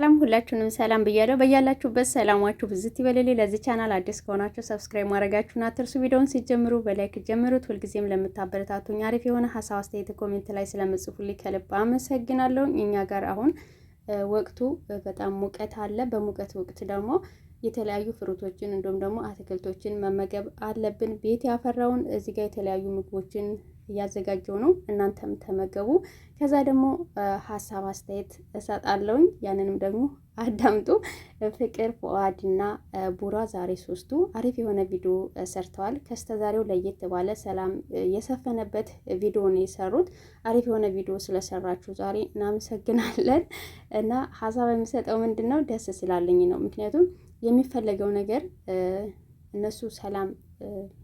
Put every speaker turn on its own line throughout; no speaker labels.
ሰላም ሁላችሁንም ሰላም ብያለሁ። በያላችሁበት ሰላማችሁ ብዝት ይበልልኝ። ለዚህ ቻናል አዲስ ከሆናችሁ ሰብስክራይብ ማድረጋችሁን አትርሱ። ቪዲዮውን ሲጀምሩ በላይክ ጀምሩት። ሁልጊዜም ለምታበረታቱኝ አሪፍ የሆነ ሀሳብ አስተያየት ኮሜንት ላይ ስለምጽፉልኝ ከልብ አመሰግናለሁ። እኛ ጋር አሁን ወቅቱ በጣም ሙቀት አለ። በሙቀት ወቅት ደግሞ የተለያዩ ፍሩቶችን እንዲሁም ደግሞ አትክልቶችን መመገብ አለብን። ቤት ያፈራውን እዚህ ጋር የተለያዩ ምግቦችን እያዘጋጀው ነው። እናንተም ተመገቡ። ከዛ ደግሞ ሀሳብ አስተያየት እሰጣለሁኝ። ያንንም ደግሞ አዳምጡ። ፍቅር ፉአድና ቡራ ዛሬ ሶስቱ አሪፍ የሆነ ቪዲዮ ሰርተዋል። ከስተዛሬው ለየት ባለ ሰላም የሰፈነበት ቪዲዮ ነው የሰሩት። አሪፍ የሆነ ቪዲዮ ስለሰራችሁ ዛሬ እናመሰግናለን። እና ሀሳብ የምሰጠው ምንድን ነው ደስ ስላለኝ ነው። ምክንያቱም የሚፈለገው ነገር እነሱ ሰላም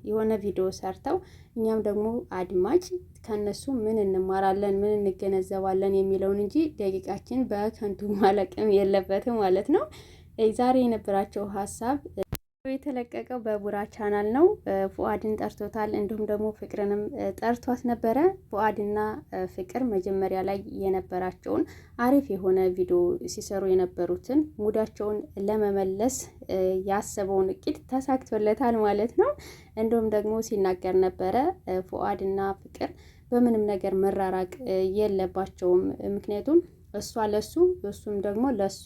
የሆነ ቪዲዮ ሰርተው እኛም ደግሞ አድማጭ ከነሱ ምን እንማራለን ምን እንገነዘባለን የሚለውን እንጂ ደቂቃችን በከንቱ ማለቅም የለበትም ማለት ነው። ዛሬ የነበራቸው ሀሳብ የተለቀቀው በቡራ ቻናል ነው። ፉአድን ጠርቶታል፣ እንዲሁም ደግሞ ፍቅርንም ጠርቷት ነበረ። ፉአድና ፍቅር መጀመሪያ ላይ የነበራቸውን አሪፍ የሆነ ቪዲዮ ሲሰሩ የነበሩትን ሙዳቸውን ለመመለስ ያሰበውን እቅድ ተሳክቶለታል ማለት ነው። እንዲሁም ደግሞ ሲናገር ነበረ ፉአድና ፍቅር በምንም ነገር መራራቅ የለባቸውም፣ ምክንያቱም እሷ ለሱ እሱም ደግሞ ለሷ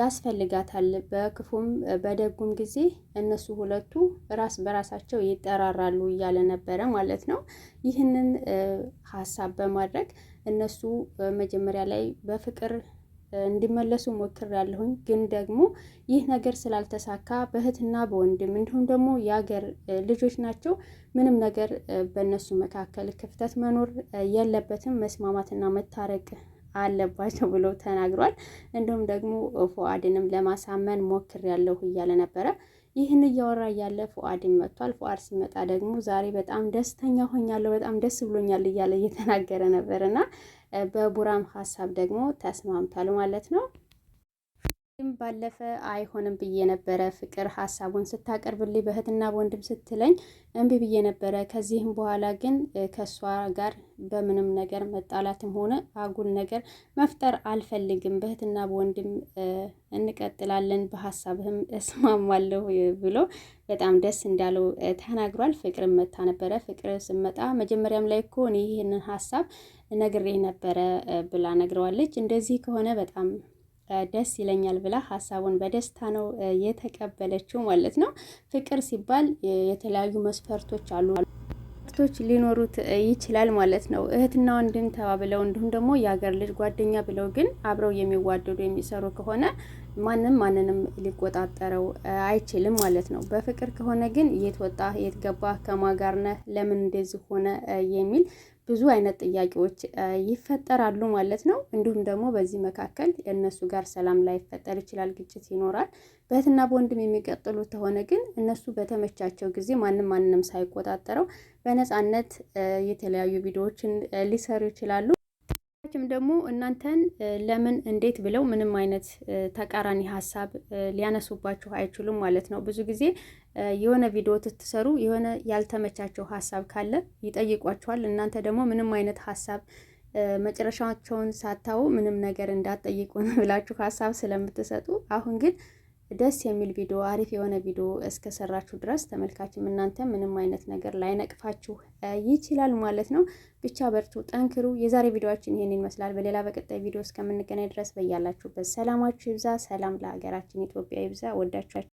ያስፈልጋታል። በክፉም በደጉም ጊዜ እነሱ ሁለቱ ራስ በራሳቸው ይጠራራሉ እያለ ነበረ ማለት ነው። ይህንን ሀሳብ በማድረግ እነሱ መጀመሪያ ላይ በፍቅር እንዲመለሱ ሞክር ያለሁኝ ግን ደግሞ ይህ ነገር ስላልተሳካ በእህትና በወንድም እንዲሁም ደግሞ የአገር ልጆች ናቸው። ምንም ነገር በእነሱ መካከል ክፍተት መኖር የለበትም። መስማማትና መታረቅ አለባቸው ብሎ ተናግሯል። እንዲሁም ደግሞ ፎአድንም ለማሳመን ሞክር ሞክሬያለሁ እያለ ነበረ። ይህን እያወራ እያለ ፎአድን መጥቷል። ፎአድ ሲመጣ ደግሞ ዛሬ በጣም ደስተኛ ሆኛለሁ፣ በጣም ደስ ብሎኛል እያለ እየተናገረ ነበር እና በቡራም ሀሳብ ደግሞ ተስማምቷል ማለት ነው። ግን ባለፈ አይሆንም ብዬ ነበረ ፍቅር ሀሳቡን ስታቀርብልኝ በእህትና በወንድም ስትለኝ እምቢ ብዬ ነበረ። ከዚህም በኋላ ግን ከእሷ ጋር በምንም ነገር መጣላትም ሆነ አጉል ነገር መፍጠር አልፈልግም። በእህትና በወንድም እንቀጥላለን፣ በሀሳብህም እስማማለሁ ብሎ በጣም ደስ እንዳለው ተናግሯል። ፍቅር መታ ነበረ። ፍቅር ስመጣ መጀመሪያም ላይ እኮ እኔ ይህንን ሀሳብ ነግሬ ነበረ ብላ ነግረዋለች። እንደዚህ ከሆነ በጣም ደስ ይለኛል ብላ ሀሳቡን በደስታ ነው የተቀበለችው ማለት ነው። ፍቅር ሲባል የተለያዩ መስፈርቶች አሉ ቶች ሊኖሩት ይችላል ማለት ነው። እህትና ወንድም ተባብለው እንዲሁም ደግሞ የሀገር ልጅ ጓደኛ ብለው ግን አብረው የሚዋደዱ የሚሰሩ ከሆነ ማንም ማንንም ሊቆጣጠረው አይችልም ማለት ነው። በፍቅር ከሆነ ግን የት ወጣ የት ገባ፣ ከማጋር ነህ፣ ለምን እንደዚህ ሆነ የሚል ብዙ አይነት ጥያቄዎች ይፈጠራሉ ማለት ነው። እንዲሁም ደግሞ በዚህ መካከል እነሱ ጋር ሰላም ላይፈጠር ይችላል፣ ግጭት ይኖራል። በእህትና በወንድም የሚቀጥሉ ከሆነ ግን እነሱ በተመቻቸው ጊዜ ማንም ማንንም ሳይቆጣጠረው በነፃነት የተለያዩ ቪዲዮዎችን ሊሰሩ ይችላሉ። ሰዎችም ደግሞ እናንተን ለምን እንዴት ብለው ምንም አይነት ተቃራኒ ሀሳብ ሊያነሱባችሁ አይችሉም ማለት ነው። ብዙ ጊዜ የሆነ ቪዲዮ ትትሰሩ የሆነ ያልተመቻቸው ሀሳብ ካለ ይጠይቋችኋል። እናንተ ደግሞ ምንም አይነት ሀሳብ መጨረሻቸውን ሳታው ምንም ነገር እንዳትጠይቁን ብላችሁ ሀሳብ ስለምትሰጡ አሁን ግን ደስ የሚል ቪዲዮ አሪፍ የሆነ ቪዲዮ እስከሰራችሁ ድረስ ተመልካችም እናንተ ምንም አይነት ነገር ላይነቅፋችሁ ይችላል ማለት ነው። ብቻ በርቱ፣ ጠንክሩ። የዛሬ ቪዲዮችን ይህን ይመስላል። በሌላ በቀጣይ ቪዲዮ እስከምንገናኝ ድረስ በያላችሁበት ሰላማችሁ ይብዛ። ሰላም ለሀገራችን ኢትዮጵያ ይብዛ። ወዳችኋል።